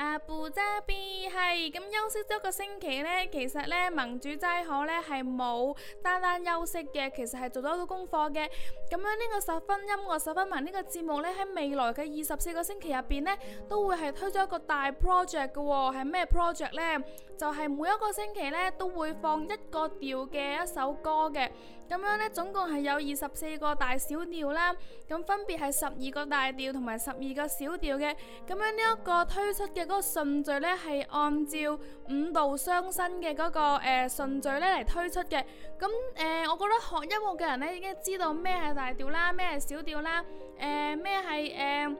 啊布扎比係咁休息咗一個星期呢。其實呢，萌主齋可呢係冇單單休息嘅，其實係做咗好多功課嘅。咁樣呢個十分音樂、十分萌呢個節目呢，喺未來嘅二十四個星期入邊呢，都會係推咗一個大 project 嘅，哦，係咩 project 呢？就係、是、每一個星期呢，都會放一個調嘅一首歌嘅。咁樣呢，總共係有二十四個大小調啦，咁分別係十二個大調同埋十二個小調嘅。咁樣呢一個推出嘅。嗰個順序咧係按照五度相生嘅嗰個誒、呃、順序咧嚟推出嘅。咁誒、呃，我覺得學音樂嘅人咧已經知道咩係大調啦，咩係小調啦，誒咩係誒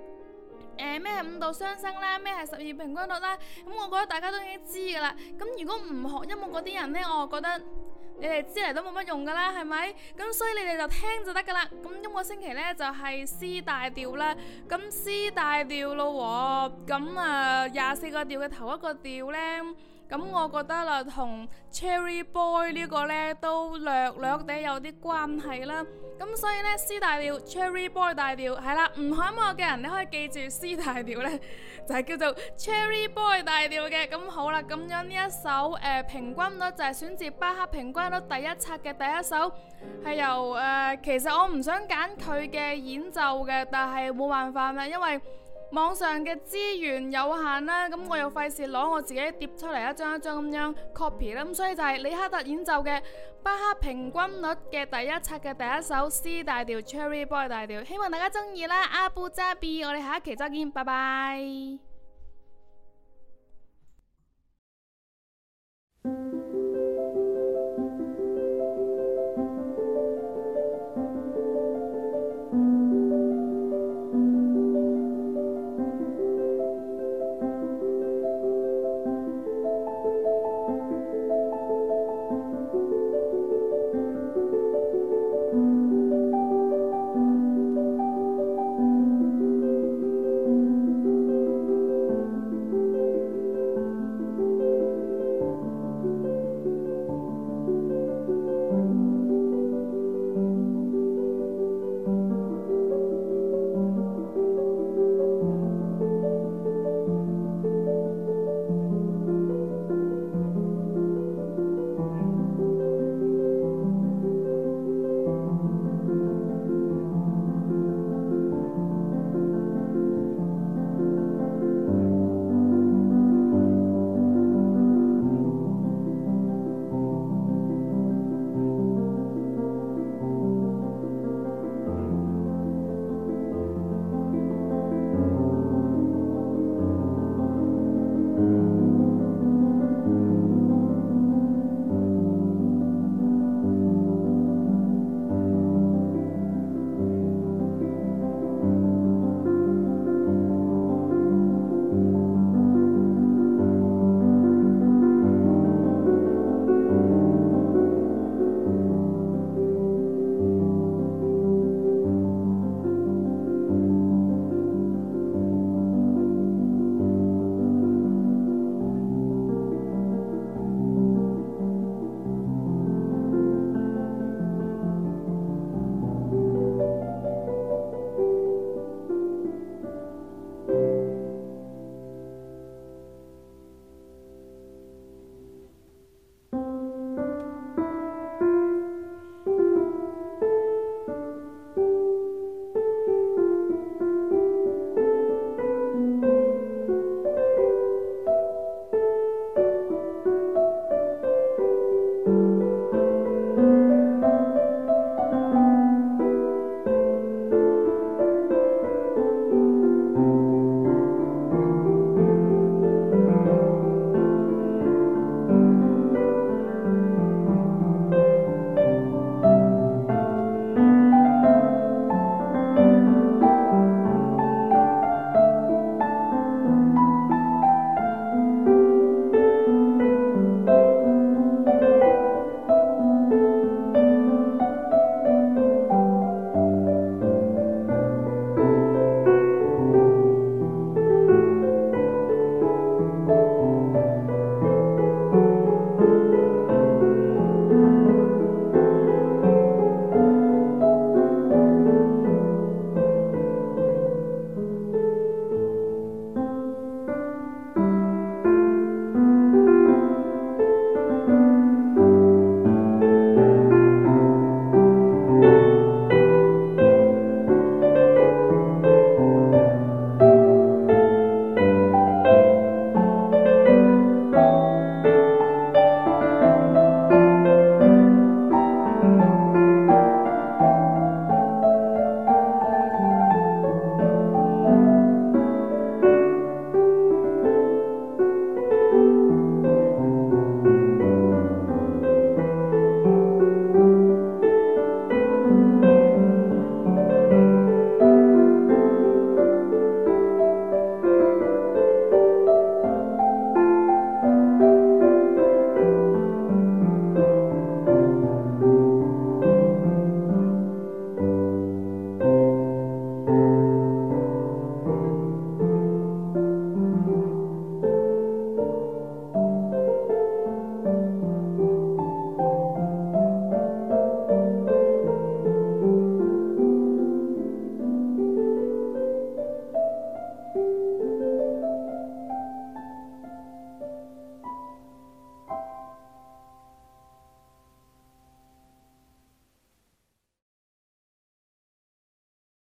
誒咩係五度相生啦，咩係十二平均律啦。咁我覺得大家都已經知噶啦。咁如果唔學音樂嗰啲人咧，我覺得。你哋知嚟都冇乜用噶啦，係咪？咁所以你哋就聽就得噶啦。咁今個星期咧就係、是、C 大調啦。咁 C 大調咯喎，咁啊廿四個調嘅頭一個調咧。咁我覺得啦，同 Cherry Boy 呢個呢，都略略地有啲關係啦。咁所以呢 C 大調 Cherry Boy 大調係啦，唔開幕嘅人你可以記住 C 大調呢，就係、是、叫做 Cherry Boy 大調嘅。咁好啦，咁樣呢一首誒、呃、平均律就係選自巴赫平均律第一冊嘅第一首，係由誒、呃、其實我唔想揀佢嘅演奏嘅，但係冇辦法啦，因為，網上嘅資源有限啦，咁我又費事攞我自己疊出嚟一張一張咁樣 copy 啦，咁所以就係李克特演奏嘅《巴哈平均律》嘅第一冊嘅第一首 C 大調 Cherry Boy 大調，希望大家中意啦！阿布扎比，我哋下一期再見，拜拜。